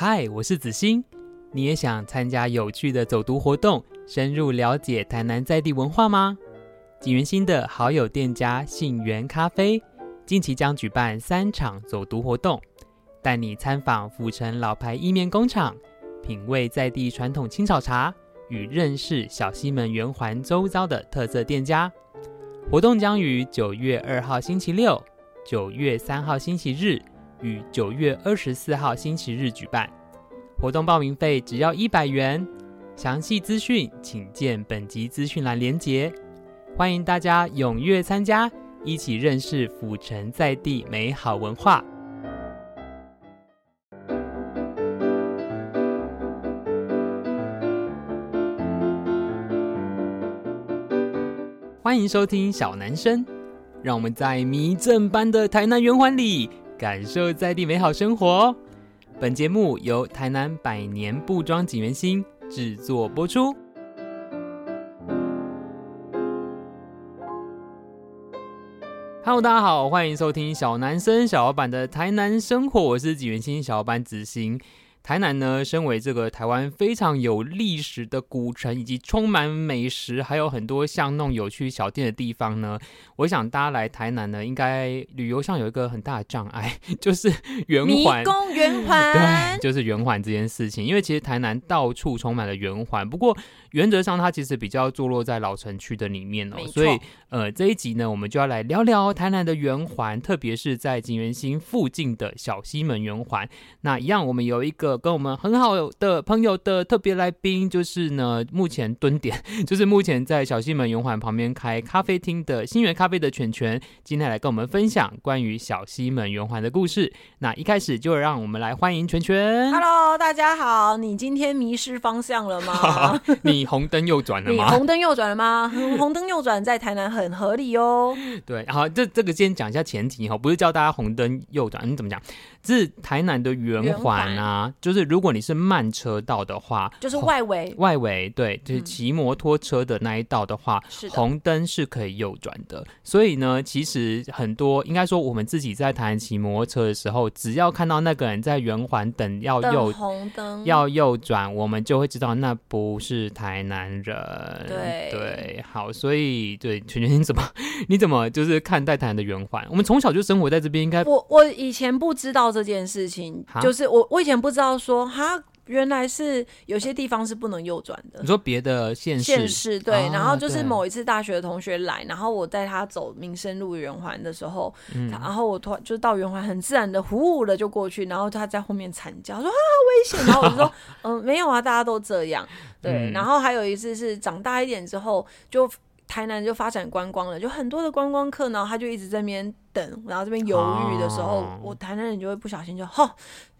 嗨，Hi, 我是子欣，你也想參加有趣的走讀活動，深入了解台南在地文化嗎？錦源興的好友店家杏源珈琲，近期將舉辦三場走讀活動，帶你參訪府城老牌意麵工廠，品味在地傳統青草茶，與認識小西門圓環周遭的特色店家。活動將於九月二號星期六，九月三號星期日。於九月二十四號星期日舉辦，活動報名費只要一百元，詳細資訊請見本集資訊欄連結，歡迎大家踴躍參加，一起認識府城在地美好文化。歡迎收聽小男生，讓我們在迷陣般的台南圓環裡，感受在地美好生活。本節目由台南百年布莊錦源興製作播出。Hello，大家好，歡迎收聽小男生小老板的台南生活，我是錦源興小老板子行。台南呢，身為這個台灣非常有歷史的古城，以及充滿美食，還有很多巷弄有趣小店的地方呢。我想大家來台南呢，應該旅遊上有一個很大的障礙，就是圓環，迷宮圓環，對，就是圓環這件事情。因為其實台南到處充滿了圓環，不過原則上它其實比較坐落在老城區的裡面哦。錯所以，呃，這一集呢，我們就要來聊聊台南的圓環，特別是在錦源興附近的小西門圓環。那一樣，我們有一個。跟我們很好的朋友的特別來賓，就是呢，目前蹲點，就是目前在小西門圓環旁邊開咖啡廳的杏源珈琲的荃荃今天來跟我們分享關於小西門圓環的故事。那一開始就讓我們來歡迎荃荃。Hello，大家好，你今天迷失方向了嗎？ 你紅燈右轉了嗎？ 紅燈右轉了嗎？ 紅燈右轉在台南很合理哦。對，好，這這個先講一下前提哈，不是教大家紅燈右轉，你、嗯、怎麼講？是台南的圓環啊。就是如果你是慢車道的話，就是外圍、哦、外圍對，就是騎摩托車的那一道的話，嗯、是的紅燈是可以右轉的。所以呢，其實很多應該說，我們自己在台南騎摩托車的時候，只要看到那個人在圓環等要右等紅燈要右轉，我們就會知道那不是台南人。對對，好，所以對，荃荃你怎麼你怎麼就是看待台南的圓環？我們從小就生活在這邊，應該我我以前不知道這件事情，蛤就是我我以前不知道。要說哈，原來是有些地方是不能右轉的。你說別的縣市？縣市對。啊、然後就是某一次大學的同學來，啊、然後我帶他走民生路圓環的時候，嗯，然後我突然就到圓環，很自然的，呼呼的就過去。然後他在後面慘叫說：“啊，危險！”然後我就說：“嗯、 呃，沒有啊，大家都這樣。”對。嗯、然後還有一次是長大一點之後就。台南就發展觀光了，就很多的觀光客，然後他就一直在那邊等，然後這邊猶豫的時候，啊、我台南人就會不小心就吼，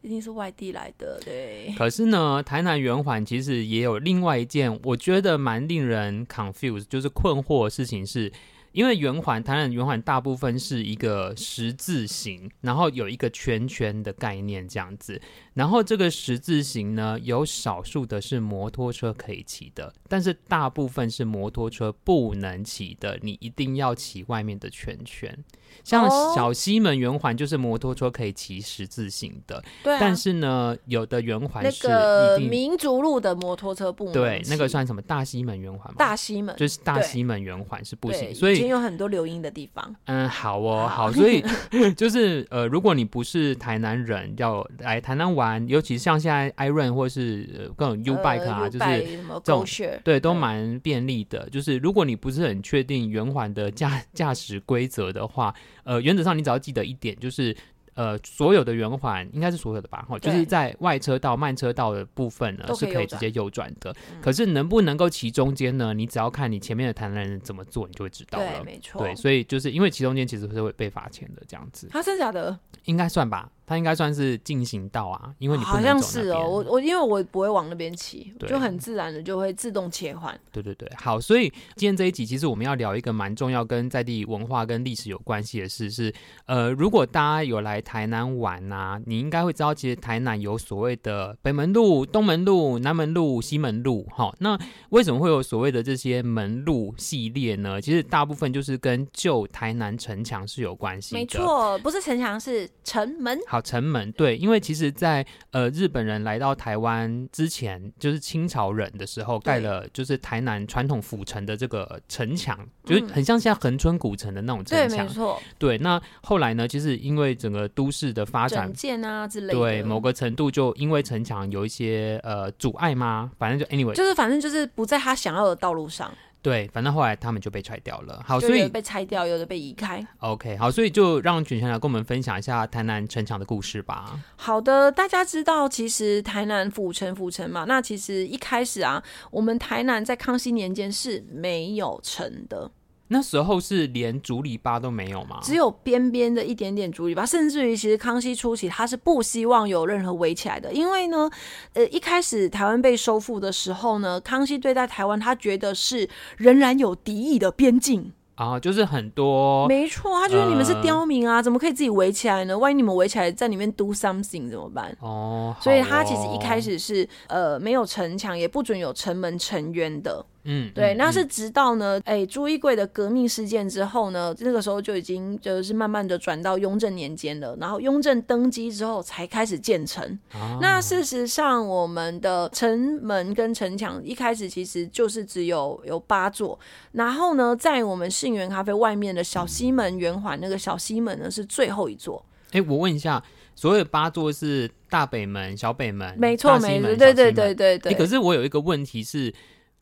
一定是外地來的，對。可是呢，台南圓環其實也有另外一件我覺得蠻令人 confuse，就是困惑的事情是，是因為圓環台南圓環大部分是一個十字形，然後有一個圈圈的概念這樣子。然後這個十字形呢，有少數的是摩托車可以騎的，但是大部分是摩托車不能騎的。你一定要騎外面的圈圈，像小西門圓環就是摩托車可以騎十字形的。對、哦。但是呢，有的圓環是個民族路的摩托車不能騎。對，那個算什麼？大西門圓環嗎？大西門就是大西門圓環是不行，所以已經有很多留音的地方。嗯，好哦，好，所以 就是呃，如果你不是台南人，要來台南玩。蠻，尤其是像現在 Iron 或是各種 U Bike 啊，就是這種對，都蠻便利的。就是如果你不是很確定圓環的駕駕駛規則的話，呃，原則上你只要記得一點，就是呃，所有的圓環應該是所有的吧，哈，就是在外車道、慢車道的部分呢，是可以直接右轉的。可是能不能夠騎中間呢？你只要看你前面的台南人怎麼做，你就會知道了。對，沒錯。對，所以就是因為騎中間其實是會被罰錢的這樣子。他真的假的？應該算吧。它應該算是進行到啊，因為你不會，好像是哦，我我因為我不會往那邊騎，對就很自然的就會自動切換。對對對，好，所以今天這一集其實我們要聊一個蠻重要跟在地文化跟歷史有關係的事，是呃，如果大家有來台南玩啊，你應該會知道，其實台南有所謂的北門路、東門路、南門路、西門路，齁，那為什麼會有所謂的這些門路系列呢？其實大部分就是跟舊台南城牆是有關係的，沒錯，不是城牆是城門。啊、城門對，因為其實在、在呃日本人來到台灣之前，就是清朝人的時候，蓋了就是台南傳統府城的這個城牆，對就是很像現在恆春古城的那種城牆，嗯。對，沒錯。對，那後來呢，其實因為整個都市的發展，建啊之類的，對，某個程度就因為城牆有一些呃阻礙嗎？反正就 anyway，就是反正就是不在他想要的道路上。對，反正後來他們就被拆掉了。好，所以被拆掉，有的被移開。OK，好，所以就讓荃荃來跟我們分享一下台南城牆的故事吧。好的，大家知道，其實台南府城、府城嘛，那其實一開始啊，我們台南在康熙年間是沒有城的。那時候是連竹籬笆都沒有嗎？只有邊邊的一點點竹籬笆，甚至於其實康熙初期他是不希望有任何圍起來的，因為呢，呃，一開始台灣被收復的時候呢，康熙對待台灣他覺得是仍然有敵意的邊境啊，就是很多，沒錯，他覺得你們是刁民啊，呃、怎麼可以自己圍起來呢？萬一你們圍起來在裡面 do something 怎麼辦？哦，哦，所以他其實一開始是呃沒有城牆，也不准有城門城垣的。嗯，嗯對，那是直到呢，哎、欸，朱一貴的革命事件之後呢，那個時候就已經就是慢慢的轉到雍正年間了。然後雍正登基之後才開始建成。哦、那事實上，我們的城門跟城牆一開始其實就是只有有八座。然後呢，在我們杏源珈琲外面的小西門圓環那個小西門呢、嗯、是最後一座。哎、欸，我問一下，所謂八座是大北門、小北門？沒錯錯，沒錯，對對對對對、欸。可是我有一個問題是。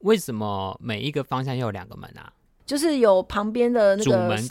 為什麼每一個方向要有兩個門啊？就是有旁邊的那個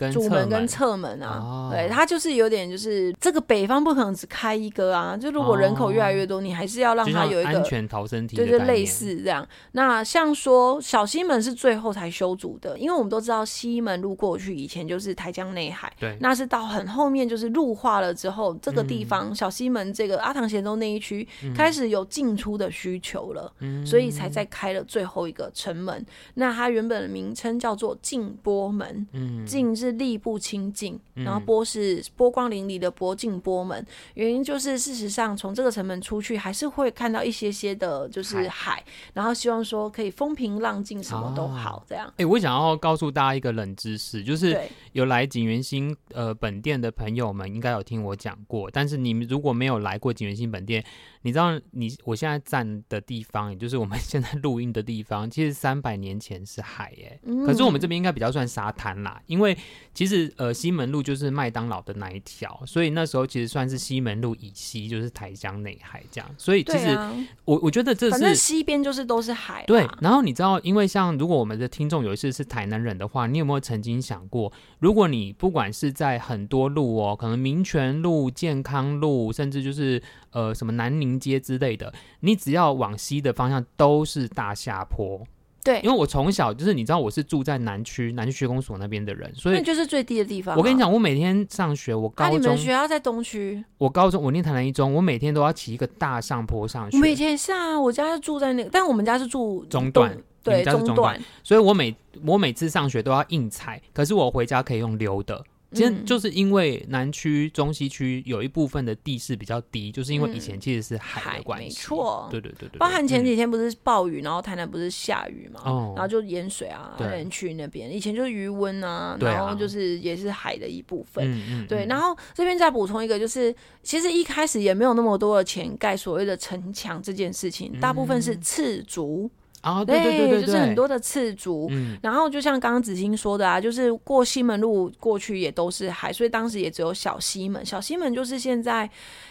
主門跟側門啊，對，它就是有點就是這個北方不可能只開一個啊，就如果人口越來越多，你還是要讓它有一個安全逃生梯，就對，類似這樣。那像說小西門是最後才修築的，因為我們都知道西門路過去以前就是台江內海，對，那是到很後面就是陸化，了之後，這個地方小西門這個阿堂鹹粥那一區開始有進出的需求了，嗯，所以才再開了最後一個城門。那它原本的名稱叫做。靖波門，靖、嗯、是力不清靜，然後波是波光粼粼的波靖、嗯、波門。原因就是事實上，從這個城門出去，還是會看到一些些的，就是海。海然後希望說可以風平浪靜，什麼都好這樣。哎、哦欸，我想要告訴大家一個冷知識，就是有來錦源興呃本店的朋友們應該有聽我講過，但是你們如果沒有來過錦源興本店。你知道你我現在站的地方，也就是我們現在錄音的地方，其實三百年前是海耶、欸。可是我們這邊應該比較算沙灘啦，因為其實呃西門路就是麥當勞的那一條，所以那時候其實算是西門路以西就是台江內海這樣，所以其實我我覺得這是反正西邊就是都是海對，然後你知道，因為像如果我們的聽眾有一次是台南人的話，你有沒有曾經想過，如果你不管是在很多路哦、喔，可能民權路、健康路，甚至就是。呃，什麼南寧街之類的，你只要往西的方向都是大下坡。對，因為我從小就是，你知道我是住在南區，南區區公所那邊的人，所以那就是最低的地方啊。我跟你講，我每天上學，我高中，啊，你們學校在東區。我高中，我念台南一中，我每天都要騎一個大上坡上學。我每天下，我家是住在那個，但我們家是住中段，對，我們家是中段，中段，所以我每我每次上學都要硬踩，可是我回家可以用溜的。其實就是因為南區、中西區有一部分的地勢比較低，嗯、就是因為以前其實是海的關係、嗯。沒錯，對，對對對對。包含前幾天不是暴雨，嗯、然後台南不是下雨嘛，哦、然後就淹水啊，對人區那邊。以前就是魚塭啊，啊然後就是也是海的一部分。嗯嗯嗯、對，然後這邊再補充一個，就是其實一開始也沒有那麼多的錢蓋所謂的城牆這件事情，嗯、大部分是刺竹。啊、哦，對對對、對、對、對，就是很多的次族。嗯、然後就像剛剛子欣說的啊，就是過西門路過去也都是海，所以當時也只有小西門，小西門就是現在。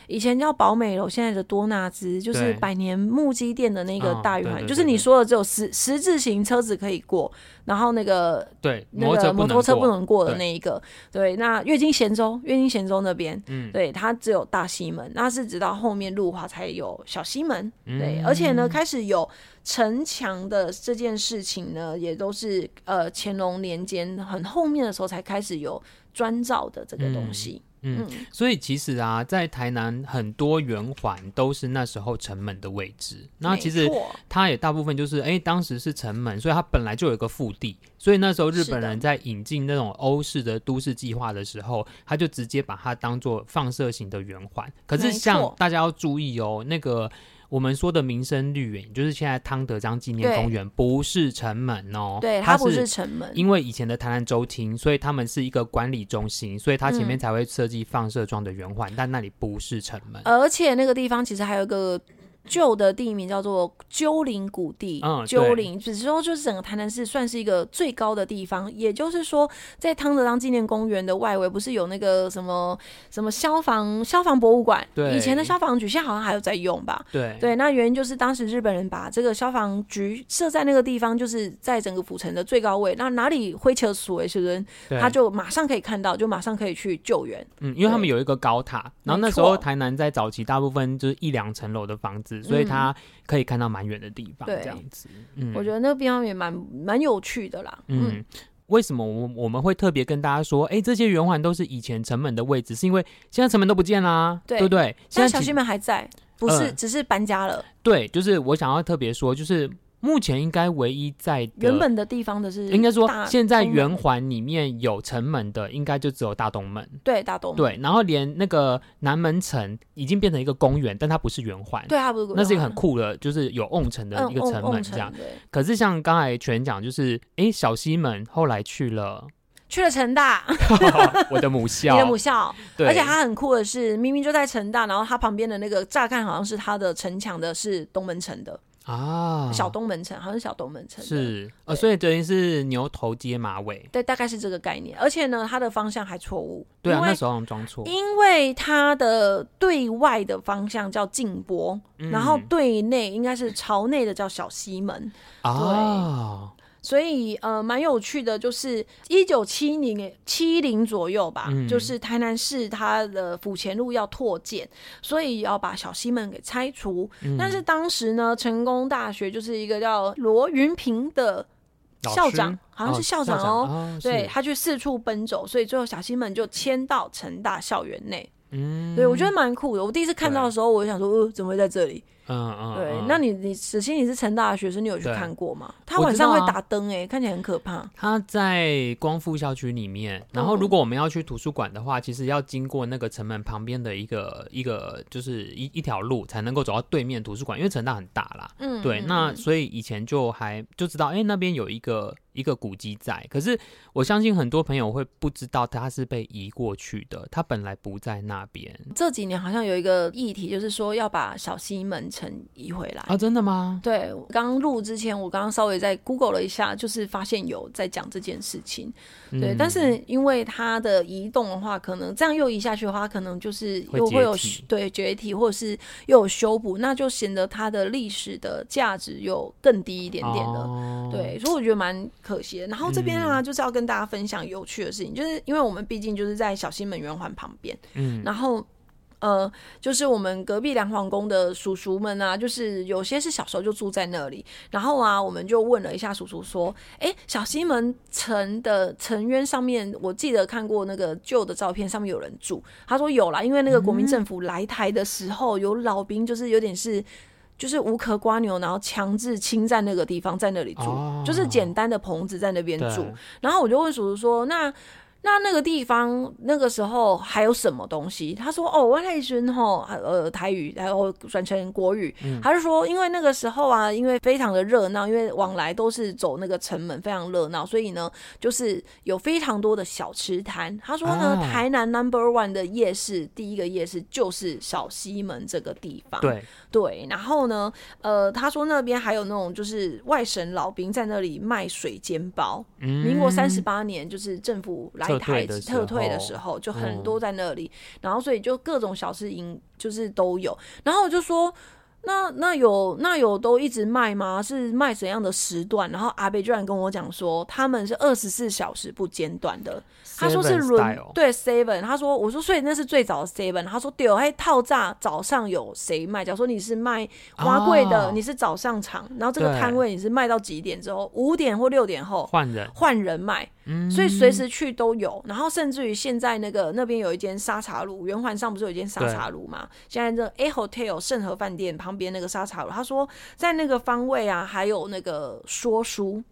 以前叫寶美樓，現在的多納茲就是百年木基店的那個大圓環，哦、對對對對，就是你說的只有十十字形車子可以過，然後那個對那個摩托，對摩托車不能過的那一個，對，那月經咸州，月經咸州那邊，嗯，對，它只有大西門，那是直到後面路華才有小西門，對，嗯、而且呢，開始有城牆的這件事情呢，也都是呃乾隆年間很後面的時候才開始有磚造的這個東西。嗯嗯，所以其實啊，在台南很多圓環都是那時候城門的位置。那其實它也大部分就是，哎、欸，當時是城門，所以它本來就有一個腹地。所以那時候日本人在引進那種歐式的都市計劃的時候，他就直接把它當做放射型的圓環。可是像大家要注意哦，那個。我們說的民生綠園就是現在湯德章紀念公園對，不是城門哦。對，它不是城門，因為以前的台南州廳，所以他們是一個管理中心，所以它前面才會設計放射狀的圓環，嗯、但那裡不是城門。而且那個地方其實還有一個。舊的地名叫做鷲嶺谷地，鷲嶺、嗯，只是說就是整個台南市算是一個最高的地方。也就是說，在湯德章紀念公園的外圍，不是有那個什麼什麼消防消防博物館？對，以前的消防局，現在好像還有在用吧？對，對，那原因就是當時日本人把這個消防局設在那個地方，就是在整個府城的最高位。那哪裡火燒厝，誰誰人他就馬上可以看到，就馬上可以去救援。嗯，對因為他們有一個高塔。然後那時候台南在早期大部分就是一兩層樓的房子。所以它可以看到蠻遠的地方，這樣子。對嗯，我覺得那個地方也蠻蠻有趣的啦。嗯，為什麼我我們會特別跟大家說，哎、欸，這些圓環都是以前城門的位置，是因為現在城門都不見啦、啊，對，對不對？現在小西門還在，不是、呃、只是搬家了。對，就是我想要特別說，就是。目前應該唯一在原本的地方的是，應該說現在圓環裡面有城門的，應該就只有大東門。對，大東門。對，然後連那個南門城已經變成一個公園，但它不是圓環。對，它不是公園。那是一個很酷的，就是有甕城的一個城門這樣。嗯、對。可是像剛才荃講，就是哎、欸，小西門後來去了，去了城大， 我的母校，你的母校。對而且它很酷的是，明明就在城大，然後它旁邊的那個乍看好像是它的城牆的是東門城的。啊，oh, 小東門城好像是小東門城是，呃，對所以等於，是牛頭接馬尾，對，大概是這個概念，而且呢，它的方向還錯誤，對啊，為那時候裝錯，因為它的對外的方向叫靖波，嗯嗯，然後對內應該是朝內的叫小西門，哦、oh. 對。Oh. 所以，呃，蠻有趣的，就是一九七零年七零左右吧，嗯、就是台南市它的府前路要拓建，所以要把小西門給拆除。嗯、但是當時呢，成功大學就是一個叫羅雲平的校長，師好像是校長哦，哦，校長，哦，是。對，他去四處奔走，所以最後小西門就遷到成大校園內。嗯，對，我覺得蠻酷的。我第一次看到的時候，對我就想說，呃，怎麼會在這裡？嗯嗯，對，嗯、那你你首先你是成大的學生，你有去看過嗎？對他晚上會打燈，欸，哎、啊，看起來很可怕。他在光復校區裡面，然後如果我們要去圖書館的話，嗯、其實要經過那個城門旁邊的一個一個，就是一一條路才能夠走到對面圖書館，因為成大很大啦。嗯，對，那所以以前就還就知道，哎、欸，那邊有一個一個古蹟在，可是我相信很多朋友會不知道，它是被移過去的，它本來不在那邊。這幾年好像有一個議題，就是說要把小西門。移回來啊？真的嗎？對，剛錄之前，我剛剛稍微在 Google 了一下，就是發現有在講這件事情。對，嗯、但是因為它的移動的話，可能這樣又移下去的話，可能就是又會有會對解體，或者是又有修補，那就顯得它的歷史的價值又更低一點點了。哦、對，所以我覺得蠻可惜的。然後這邊啊，嗯、就是要跟大家分享有趣的事情，就是因為我們畢竟就是在小西門圓環旁邊，嗯，然後。呃，就是我們隔壁良皇宮的叔叔們啊，就是有些是小時候就住在那裡。然後啊，我們就問了一下叔叔說：“哎、欸，小西門城的城垣上面，我記得看過那個舊的照片，上面有人住。”他說：“有啦，因為那個國民政府來台的時候，嗯、有老兵就是有點是，就是無殼蝸牛，然後強制侵占那個地方，在那裡住，oh, 就是簡單的棚子在那邊住。對然後我就問叔叔說：那。”那那個地方那個時候還有什麼東西？他說：“哦，我問了一呃，台語，然後轉成國語。嗯、他就說，因為那個時候啊，因為非常的熱鬧，因為往來都是走那個城門，非常熱鬧，所以呢，就是有非常多的小吃攤。他說呢，哦、台南 Number One 的夜市，第一個夜市就是小西門這個地方。對對，然後呢，呃，他說那邊還有那種就是外省老兵在那裡賣水煎包。嗯、民國三十八年，就是政府來。”台特、嗯、特退的時候，就很多在那裡，然後所以就各種小吃飲就是都有。然後我就說，那那有那有都一直賣嗎？是賣怎樣的時段？然後阿北居然跟我講說，他們是二十四小時不間斷的。他說是輪 style 對 seven，他說我說所以那是最早的 seven。他說對哦，哎、欸，套炸早上有誰賣？假如說你是賣花貴的，oh, 你是早上場，然後這個攤位你是賣到幾點之後？五對點或六點後換人換人賣，所以隨時去都有。嗯、然後甚至於現在那個那邊有一間沙茶爐，圓環上不是有一間沙茶爐嘛？對現在這 A Hotel 盛和飯店旁邊那個沙茶爐，他說在那個方位啊，還有那個說書。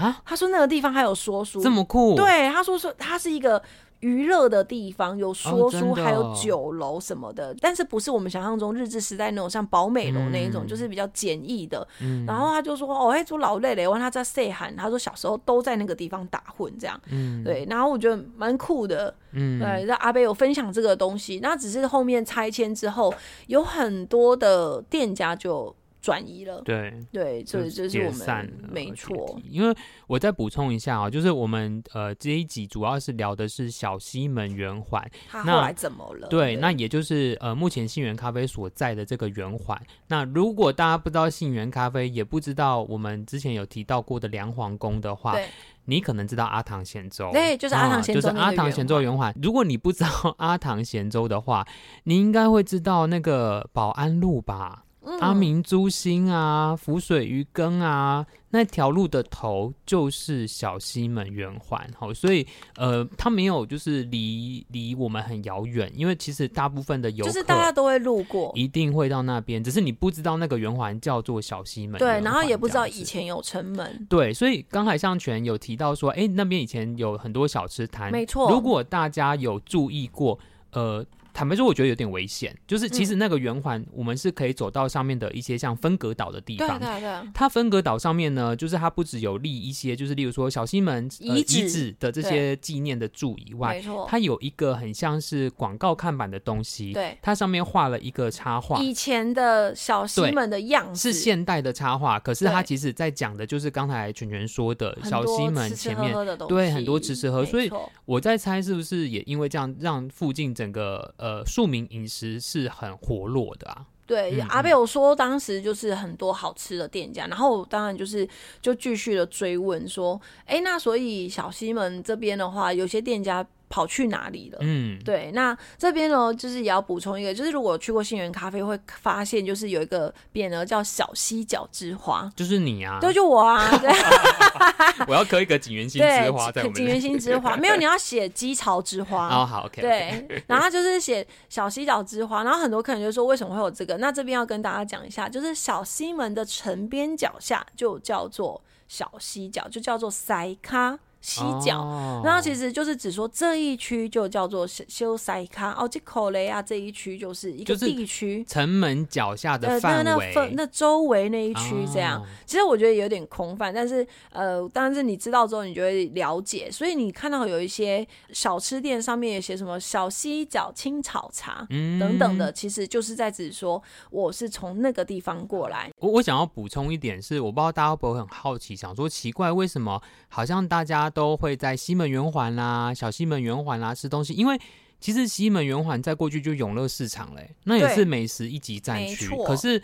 啊，他說那個地方還有說書，這麼酷？對，他說說它是一個娛樂的地方，有說書，還有酒樓什麼的，但是不是我們想象中日治時代那種像寶美樓那一種，就是比較簡易的。然後他就說，哦，哎，我老累了，我讓他在 say 喊。他說小時候都在那個地方打混，這樣，嗯，對。然後我覺得蠻酷的，嗯，對。那阿伯有分享這個東西，那只是後面拆遷之後，有很多的店家就。轉移了，對對，對就這就是我們沒錯。因為我再補充一下啊，就是我們呃這一集主要是聊的是小西門圓環，那後來怎麼了？對，對那也就是呃目前杏源珈琲所在的這個圓環。那如果大家不知道杏源珈琲，也不知道我們之前有提到過的良皇宮的話，對你可能知道阿堂鹹粥，對，就是阿堂，就是阿堂鹹粥圓環。如果你不知道阿堂鹹粥的話，你應該會知道那個保安路吧。嗯、阿明豬心啊，浮水魚羹啊，那條路的頭就是小西門圓環，好，所以呃，它沒有就是離離我們很遙遠，因為其實大部分的遊客就是大家都會路過，一定會到那邊，只是你不知道那個圓環叫做小西門，對，然後也不知道以前有城門，對，所以剛才荃荃有提到說，哎、欸，那邊以前有很多小吃攤，沒錯，如果大家有注意過，呃。坦白說，我覺得有點危險。就是其實那個圓環，我們是可以走到上面的一些像分隔島的地方。嗯、對對對，它分隔島上面呢，就是它不只有立一些，就是例如說小西門、呃、遺址、遺址的這些紀念的柱以外，它有一個很像是廣告看板的東西。對，它上面畫了一個插畫，以前的小西門的樣子是現代的插畫，可是它其實在講的就是剛才荃荃說的對，小西門前面，吃吃喝喝對，很多吃吃喝。所以我在猜，是不是也因為這樣讓附近整個？呃，庶民飲食是很活絡的啊。對，嗯嗯，阿伯有說，當時就是很多好吃的店家，然後當然就是就繼續的追問說，哎、欸，那所以小西門這邊的話，有些店家。跑去哪裡了？嗯，對，那這邊呢，就是也要補充一個，就是如果去過杏源珈琲，會發現就是有一個匾額叫“小西腳之花”，就是你啊，對，就我啊，對 我要刻一個錦源興之花錦對源興之花， 沒有，你要寫雞巢之花哦好， 對，然後就是寫小西腳之花，然後很多客人就說為什麼會有這個？那這邊要跟大家講一下，就是小西門的城邊腳下就叫做小西腳，就叫做塞卡。西角，那、哦、其實就是指說，這一區就叫做修塞卡奧吉口雷啊，這一區就是一個地區城門腳下的範圍，那周圍那一區這樣，哦、其實我覺得有點空泛，但是呃，但是你知道之後你就會了解，所以你看到有一些小吃店上面也寫什麼小西角青草茶等等的，嗯、其實就是在指說，我是從那個地方過來。我我想要補充一點是，我不知道大家會不會很好奇，想說奇怪為什麼好像大家。都會在西門圓環啦、啊、小西門圓環啦、啊、吃東西，因為其實西門圓環再過去就永樂市場嘞，那也是美食一級戰區。可是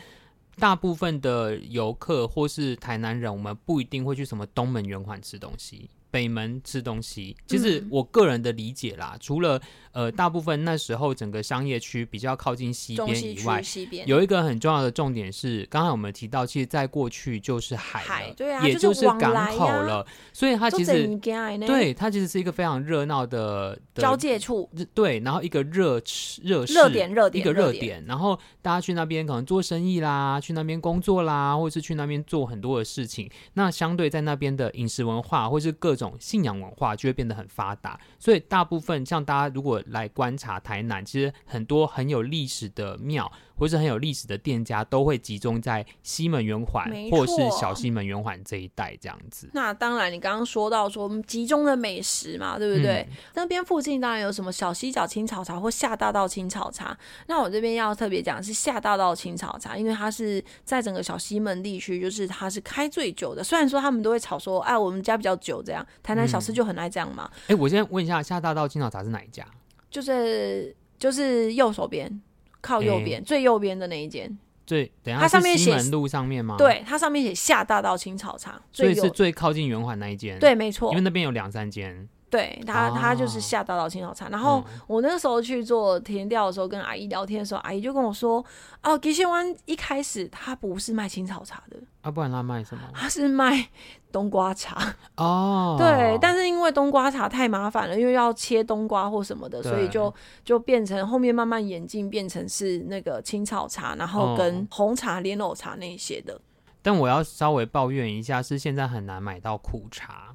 大部分的遊客或是台南人，我們不一定會去什麼東門圓環吃東西。北門吃東西，其實我個人的理解啦，嗯、除了呃，大部分那時候整個商業區比較靠近西邊以外，有一個很重要的重點是，剛才我們提到，其實在過去就是海了，海啊、也就是港口了，啊、所以它其實對它其實是一個非常熱鬧的，的交界處，對，然後一個熱熱熱點熱點一個熱點，點然後大家去那邊可能做生意啦，去那邊工作啦，或者是去那邊做很多的事情，那相對在那邊的飲食文化或是各。這種信仰文化就會變得很發達，所以大部分像大家如果來觀察台南，其實很多很有歷史的廟。或是很有歷史的店家都會集中在西門圓環，沒錯。或是小西門圓環這一帶這樣子。那當然，你剛剛說到說集中的美食嘛，對不對？嗯、那邊附近當然有什麼小西腳青草茶或下大道青草茶。那我這邊要特別講的是下大道青草茶，因為它是在整個小西門地區，就是它是開最久的。雖然說他們都會吵說，哎，我們家比較久這樣。台南小吃就很愛這樣嘛。哎、嗯欸，我先問一下，下大道青草茶是哪一家？就是就是右手邊。靠右邊，欸、最右邊的那一間。最，等下，它上面寫西門路上面嗎？對，它上面寫下大道青草茶，所以是最靠近圓環那一間。對，沒錯，因為那邊有兩三間。對他，oh, 他就是下大道青草茶。然後我那個時候去做田調的時候，跟阿姨聊天的時候，阿姨就跟我說：“哦、啊，吉星灣一開始他不是賣青草茶的啊，不然他賣什麼？他是賣冬瓜茶哦。Oh. 對，但是因為冬瓜茶太麻煩了，因為要切冬瓜或什麼的，對所以就就變成後面慢慢演進變成是那個青草茶，然後跟紅茶、oh. 蓮藕茶那些的。但我要稍微抱怨一下，是現在很難買到苦茶。”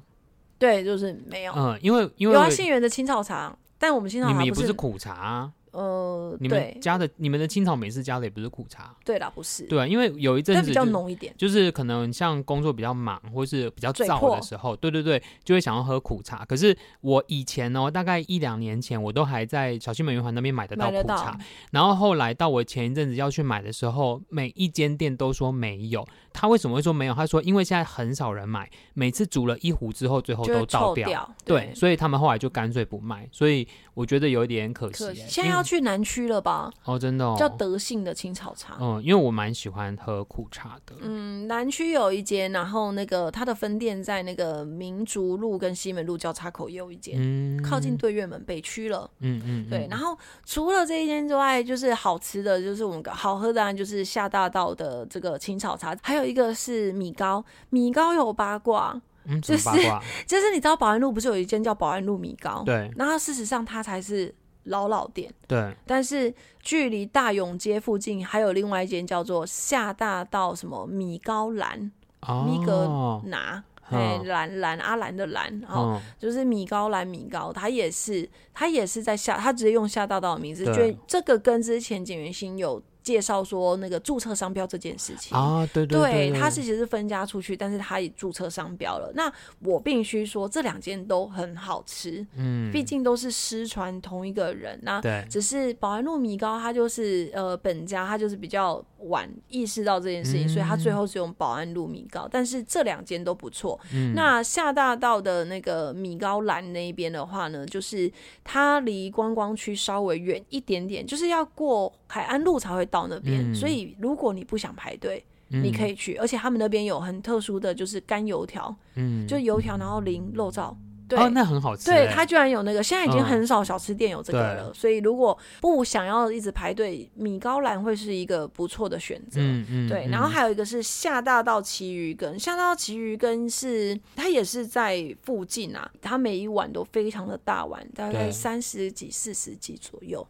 對，就是沒有。嗯、呃，因為因為有啊，杏源的青草茶，因為但我們青草茶不是，不是苦茶，啊。呃，你們家的對你們的青草每次加的也不是苦茶，對啦，不是對、啊，因為有一陣子、就是、比較濃一點，就是可能像工作比較忙或是比較燥的時候，迫對對對，就會想要喝苦茶。可是我以前哦，大概一兩年前，我都還在小西門圓環那邊買得到苦茶，然後後來到我前一陣子要去買的時候，每一間店都說沒有。他為什麼會說沒有？他說因為現在很少人買，每次煮了一壺之後，最後都倒掉，掉對,對，所以他們後來就乾脆不賣。所以我覺得有一點可惜、欸，可惜因為。去南區了吧？哦，真的，哦，叫德信的青草茶。嗯、哦，因為我蠻喜歡喝苦茶的。嗯，南區有一間，然後那個它的分店在那個民族路跟西門路交叉口也有一間，嗯、靠近兌悅門北區了。嗯嗯，嗯對。然後除了這一間之外，就是好吃的，就是我們好喝的、啊，就是下大道的這個青草茶，還有一個是米糕，米糕有八卦，嗯、八卦就是就是你知道保安路不是有一間叫保安路米糕？對，那它事實上它才是。老老店，對，但是距離大永街附近還有另外一間叫做下大道什麼米高蘭，oh, 米格拿，哎、嗯，蘭蘭阿蘭的蘭，哦，oh, 就是米高蘭米高，他也是他也是在下，他直接用下大道的名字，對就這個跟之前錦源興有。介紹說那個註冊商標這件事情啊，oh, 對，對對對，對，他是其實是分家出去，但是他也注冊商標了。那我必須說這兩間都很好吃，嗯，畢竟都是師傳同一個人，那對，只是保安路米糕，他就是呃本家，他就是比較晚意識到這件事情，嗯、所以他最後是用保安路米糕。但是這兩間都不錯。嗯、那下大道的那個米糕欄那邊的話呢，就是它離觀光區稍微遠一點點，就是要過海安路才會。到那邊，嗯、所以如果你不想排隊，嗯、你可以去，而且他們那邊有很特殊的就是乾油條，嗯，就油條然後淋肉燥，對，哦，那很好吃，對，他居然有那個，現在已經很少小吃店有這個了，嗯、所以如果不想要一直排隊，米高蘭會是一個不錯的選擇，嗯，嗯對，然後還有一個是下大道旗魚羹，下大道旗魚羹是它也是在附近啊，它每一碗都非常的大碗，大概三十幾、四十幾左右。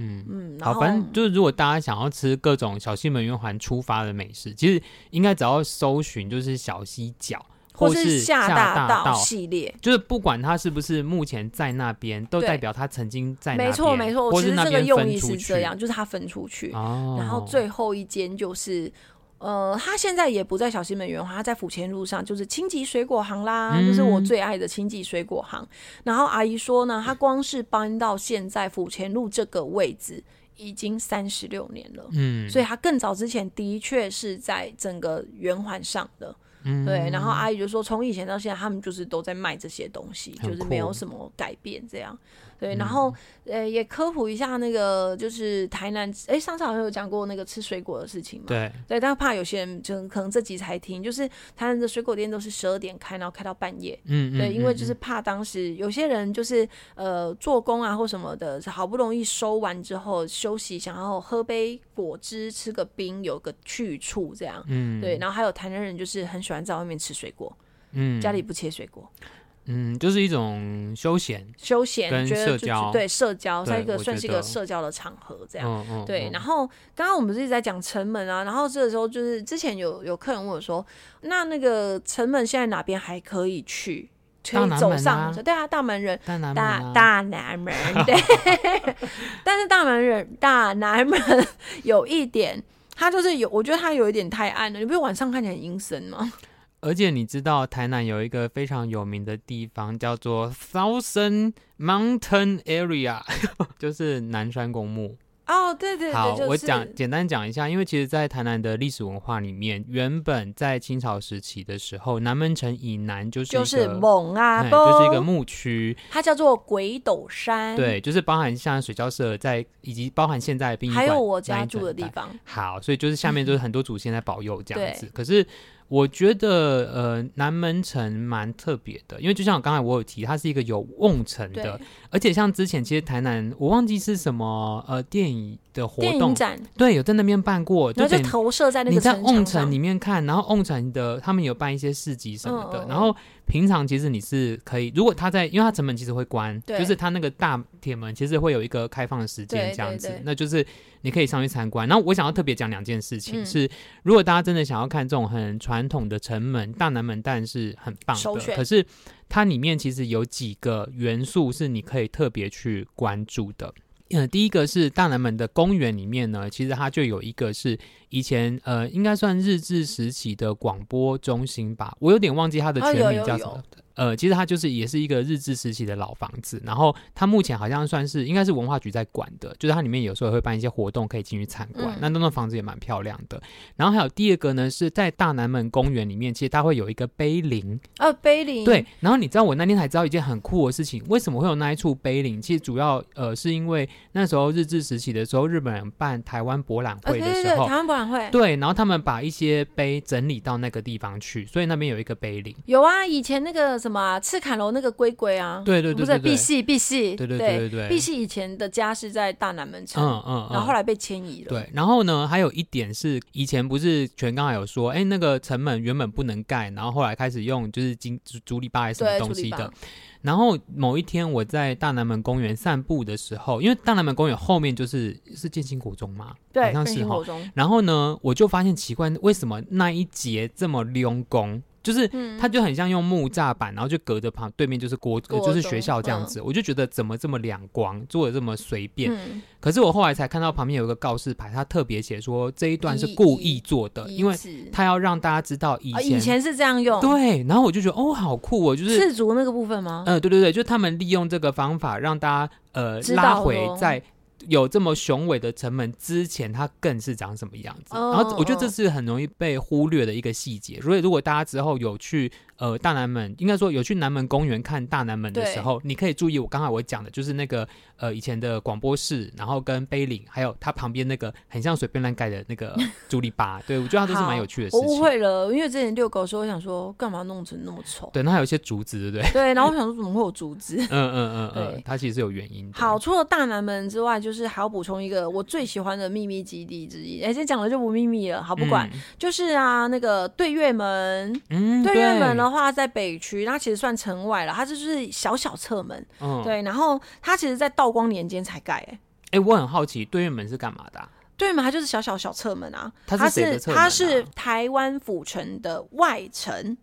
嗯嗯，好，然後反正就是如果大家想要吃各種小西門圓環出發的美食，其實應該只要搜尋就是小西腳，或是或是下大道系列，就是不管它是不是目前在那邊，都代表它曾經在那邊。沒錯沒錯，沒錯。是那其實這個用意是這樣，就是它分出去，哦、然後最後一間就是，呃，他現在也不在小西門圓環，他在府前路上，就是清吉水果行啦，嗯、就是我最愛的清吉水果行。然後阿姨說呢，他光是搬到現在府前路這個位置，已經三十六年了。嗯，所以他更早之前的確是在整個圓環上的。嗯，對。然後阿姨就說，從以前到現在，他們就是都在賣這些東西，酷就是沒有什麼改變這樣。對，然後呃、嗯、欸、也科普一下那個就是台南，哎、欸，上次好像有講過那個吃水果的事情嘛，對，對，但怕有些人就可能這集才聽，就是台南的水果店都是十二點開，然後開到半夜，嗯，對，嗯、因為就是怕當時有些人就是呃做工啊，或什麼的，是好不容易收完之後休息，想要喝杯果汁、吃個冰，有個去處這樣，嗯，對，然後還有台南人就是很喜歡在外面吃水果，嗯，家裡不切水果。嗯，就是一種休閒、休閒閒社交，對社交在對一個算是一個社交的場合這樣。嗯嗯、對，嗯嗯、然後剛剛我們自己在講城門啊，然後這個時候就是之前有有客人問我說，那那個城門現在哪邊還可以去？可以走上啊對啊，大門人、大南、啊、大，大南門。對， 但是大門人大南門有一點，他就是有，我覺得他有一點太暗了，你不是晚上看起來很陰森嗎？而且你知道台南有一個非常有名的地方叫做 Southern Mountain Area，呵呵就是南山公墓哦，oh, 對,對對。好，就是、我講簡單講一下，因為其實，在台南的歷史文化裡面，原本在清朝時期的時候，南門城以南就是就是猛啊、嗯，就是一個墓區，它叫做鬼斗山，對，就是包含像水交社在，以及包含現在的殯儀館，還有我家住的地方。好，所以就是下面就是很多祖先在保佑這樣子，嗯、可是。我覺得呃，南門城蠻特別的，因為就像剛才我有提，它是一個有甕城的，對而且像之前其實台南我忘記是什麼呃電影的活動，展，對，有在那邊辦過，就然後就投射在那個甕城，你在城裡面看，然後甕城的他們有辦一些市集什麼的，嗯，然後平常其實你是可以，如果他在，因為他城門其實會關，對就是他那個大鐵門其實會有一個開放的時間，這樣子，對對對，那就是。你可以上去參觀，然後我想要特別講兩件事情，嗯、是，如果大家真的想要看這種很傳統的城門，大南門當然是很棒的，卷可是它裡面其實有幾個元素是你可以特別去關注的。嗯、呃，第一個是大南門的公園裡面呢，其實它就有一個是以前呃應該算日治時期的廣播中心吧，我有點忘記它的全名叫什麼。啊呃，其實它就是也是一個日治時期的老房子，然後它目前好像算是應該是文化局在管的，就是它裡面有時候也會辦一些活動，可以進去參觀。嗯、那那棟房子也蠻漂亮的。然後還有第二個呢，是在大南門公園裡面，其實它會有一個碑林呃、哦、碑林對。然後你知道我那天才知道一件很酷的事情，為什麼會有那一處碑林？其實主要呃是因為那時候日治時期的時候，日本人辦台灣博覽會的時候，哦、對對對台灣博覽會對，然後他們把一些碑整理到那個地方去，所以那邊有一個碑林。有啊，以前那個。什麼啊？赤坎樓那個龜龜啊，對對，對對對，不是贔屭、贔屭，對對對對對。對，贔屭以前的家是在大南門城，嗯嗯，嗯，然後後來被遷移了。對，然後呢，還有一點是以前不是荃剛才有說，哎、欸，那個城門原本不能蓋，然後後來開始用就是金竹籬笆什麼東西的。然後某一天我在大南門公園散步的時候，因為大南門公園後面就是是建興國中嘛，對，好像是哈。然後呢，我就發現奇怪，為什麼那一節這麼溜工？就是，他就很像用木柵板，然後就隔着旁對面就是國，就是學校這樣子。我就覺得怎麼這麼兩光，做的這麼隨便。可是我後來才看到旁邊有一個告示牌，他特別寫說這一段是故意做的，因為他要讓大家知道以前以前是這樣用。對，然後我就覺得哦、喔，好酷哦、喔，就是氏足那個部分嗎？嗯，對對對，就他們利用這個方法讓大家呃拉回在，有這麼雄偉的城門之前，它更是長什麼樣子？然後我覺得這是很容易被忽略的一個細節。所以，如果大家之後有去。呃，大南門應該說有去南門公園看大南門的時候，對你可以注意我剛才我講的，就是那個呃以前的廣播室，然後跟碑林，還有它旁邊那個很像隨便亂蓋的那個竹籬笆， 對我覺得它都是蠻有趣的事情。我誤會了，因為之前遛狗時候，我想說幹嘛弄成那麼醜？對，那還有一些竹子，對不對？對，然後我想說怎麼會有竹子？嗯嗯嗯嗯，嗯嗯嗯對它其實是有原因的。好，除了大南門之外，就是還要補充一個我最喜歡的秘密基地之一，而且講了就不秘密了，好不管，嗯、就是啊那個對月門，嗯，對月門哦。話在北區，它其實算城外了，它這就是小小側門，嗯、對。然後它其實，在道光年間才蓋、欸。哎、欸，我很好奇，兌悅門是幹嘛的、啊？對門，它就是小小小側門啊。它是誰的側門、啊？它是台灣府城的外城。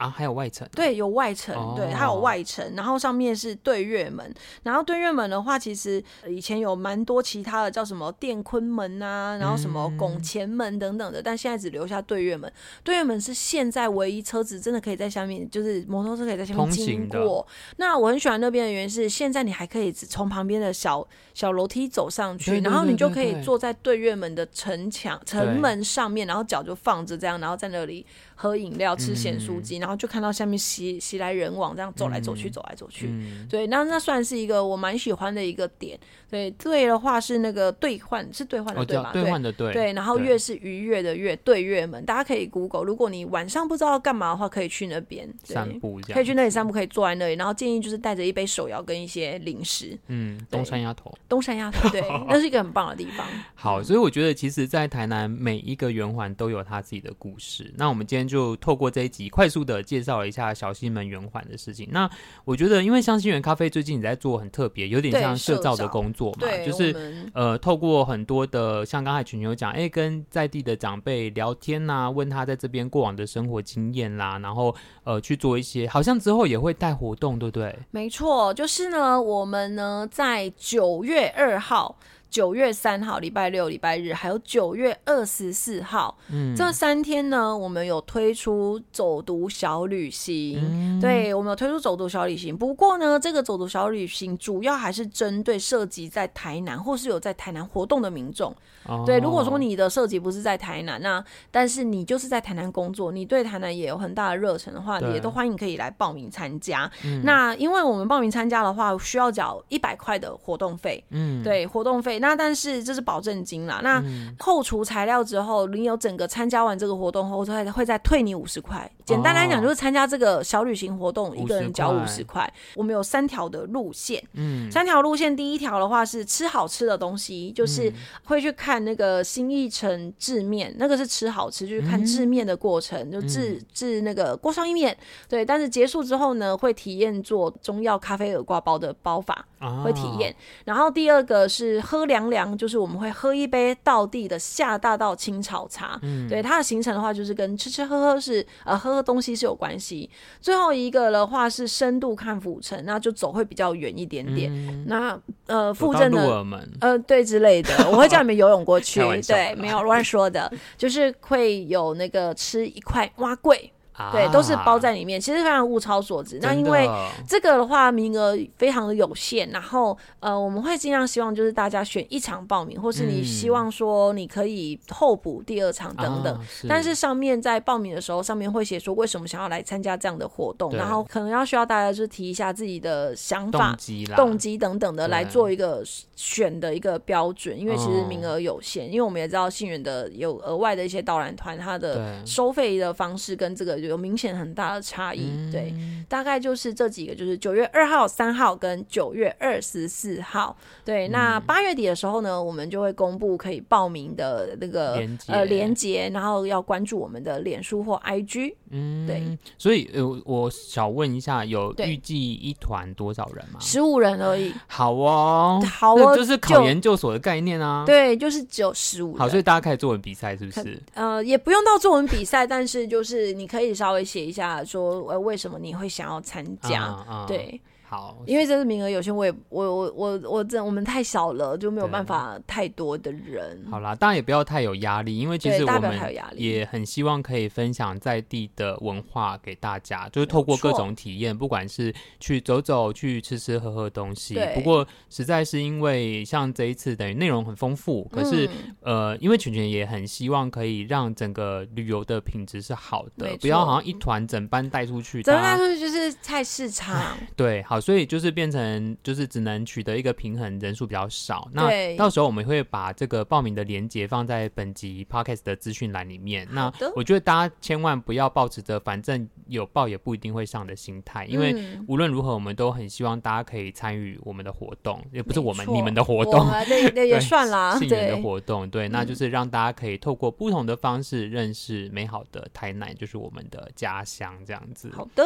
啊，還有外城，對，有外城，哦、對，還有外城，然後上面是兌悅門，然後兌悅門的話，其實以前有蠻多其他的，叫什麼奠坤門啊，然後什麼拱乾門等等的，嗯、但現在只留下兌悅門。兌悅門是現在唯一車子真的可以在下面，就是摩托車可以在下面經過。通行的。那我很喜歡那邊的原因是，現在你還可以從旁邊的小小樓梯走上去，然後你就可以坐在兌悅門的城牆城門上面，然後腳就放着這樣，然後在那裡，喝飲料、吃鹹酥雞，然後就看到下面熙熙來人往，這樣走來走去，走來走去。對，那那算是一個我蠻喜歡的一個點。對對的話是那個兌換是兌換的兌嗎？兌換的兌。對，然後悅是愉悅的悅，兌悅門，大家可以 Google。如果你晚上不知道幹嘛的話，可以去那邊散步這樣，可以去那裡散步，可以坐在那裡，然後建議就是帶着一杯手搖跟一些零食。嗯，東山鴨頭。東山鴨頭，對，那是一個很棒的地方。好，所以我覺得其實，在台南每一個圓環都有它自己的故事。那我們今天，就透過這一集快速的介紹一下小西門圓環的事情。那我覺得，因為杏源珈琲最近也在做很特別，有點像社造的工作嘛，就是們呃，透過很多的像剛才荃荃講，哎、欸，跟在地的長輩聊天吶、啊，問他在這邊過往的生活經驗啦，然後呃，去做一些，好像之後也會帶活動，對不對？沒錯，就是呢，我們呢在九月二號。九月三號，禮拜六、禮拜日，還有九月二十四號，嗯，這三天呢，我們有推出走讀小旅行，嗯、對，我們有推出走讀小旅行。不過呢，這個走讀小旅行主要還是針對設籍在台南或是有在台南活動的民眾。哦、對，如果說你的設籍不是在台南，那但是你就是在台南工作，你對台南也有很大的熱忱的話，對你也都歡迎可以來報名參加。嗯、那因為我們報名參加的話，需要繳一百塊的活動費，嗯，對，活動費。那但是這是保證金啦，那扣除材料之後，你有整個參加完這個活動後，會會再退你五十塊。簡單來講，就是參加這個小旅行活動，哦、一個人交五十塊。我們有三條的路線，嗯、三條路線，第一條的話是吃好吃的東西，就是會去看那個新億成製麵，嗯、那個是吃好吃，就是，看製麵的過程，嗯、就制制那個鍋燒意麵。對，但是結束之後呢，會體驗做中藥咖啡耳掛包的包法，哦、會體驗。然後第二個是喝涼涼，就是我們會喝一杯道地的下大道青草茶。嗯、對，它的行程的話，就是跟吃吃喝喝是，呃，喝喝東西是有關係。最後一個的話是深度看府城，那就走會比較遠一點點。嗯、那呃，府鎮的呃對之類的，我會叫你們游泳過去， 對，沒有亂說的， 就是會有那個吃一塊碗粿。對，都是包在裡面，其實非常物超所值。啊、那因為這個的話，名額非常的有限。然後呃，我們會儘量希望就是大家選一場報名，或是你希望說你可以候補第二場等等。嗯啊、是但是上面在報名的時候，上面會寫說為什麼想要來參加這樣的活動，對然後可能要需要大家就是提一下自己的想法、動機等等的來做一個選的一個標準，對因為其實名額有限。哦、因為我們也知道杏源的有額外的一些導覽團，它的收費的方式跟這個就。有明顯很大的差異，嗯、對，大概就是這幾個，就是九月二號、三號跟九月二十四號，對。嗯、那八月底的時候呢，我們就會公布可以報名的那個連結，呃，連結，然後要關注我們的臉書或 IG，嗯，對。所以呃，我想問一下，有預計一團多少人嗎？十五人而已，好哦，好哦，那就是考研究所的概念啊，對，就是只有十五。好，所以大家可以作文比賽是不是？呃，也不用到作文比賽， 但是就是你可以。稍微寫一下，說為什麼你會想要參加？啊啊、對。好，因為這次名額有限，我也我我我我，這我，我，我，我，我，我們太少了，就沒有辦法太多的人。好啦，當然也不要太有壓力，因為其實我們也很希望可以分享在地的文化給大家，就是透過各種體驗，錯不管是去走走、去吃吃喝喝東西。對不過實在是因為像這一次等於內容很豐富，可是、嗯、呃，因為荃荃也很希望可以讓整個旅遊的品質是好的，錯不要好像一團整班帶出去的、啊，整班帶出去就是菜市場， 對，好。所以就是變成就是只能取得一個平衡，人數比較少。那到時候我們會把這個報名的鏈接放在本集 Podcast 的資訊欄裡面。的那我覺得大家千萬不要抱持着反正有報也不一定會上的心態，因為無論如何我們都很希望大家可以參與我們的活動，嗯、也不是我們錯你們的活動，那，那也算啦， 對，杏源的活動，對，對，那就是讓大家可以透過不同的方式認識美好的台南，就是我們的家鄉，這樣子。好的，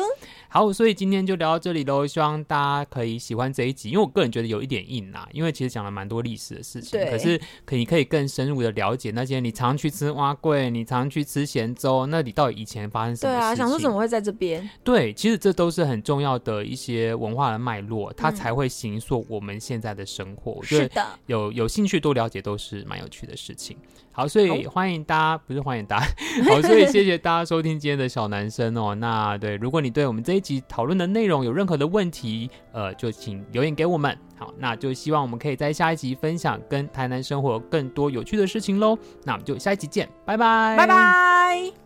好，所以今天就聊到這裡嘍，希望。大家可以喜歡這一集，因為我個人覺得有一點硬吶、啊，因為其實講了蠻多歷史的事情，對可是可你可以更深入的了解那些你常去吃碗粿，你常去吃鹹粥，那你到底以前發生什麼？對啊，想說怎麼會在這邊？對，其實這都是很重要的一些文化的脈絡，嗯、它才會形塑我們現在的生活。是的，我覺得有有興趣多了解都是蠻有趣的事情。好，所以歡迎大家，好不是歡迎大家，好，所以謝謝大家收聽今天的小男生哦。 那對，如果你對我們這一集討論的內容有任何的問題，呃，就請留言給我們。好，那就希望我們可以在下一集分享跟台南生活更多有趣的事情嘍。那我們就下一集見，拜拜，拜拜。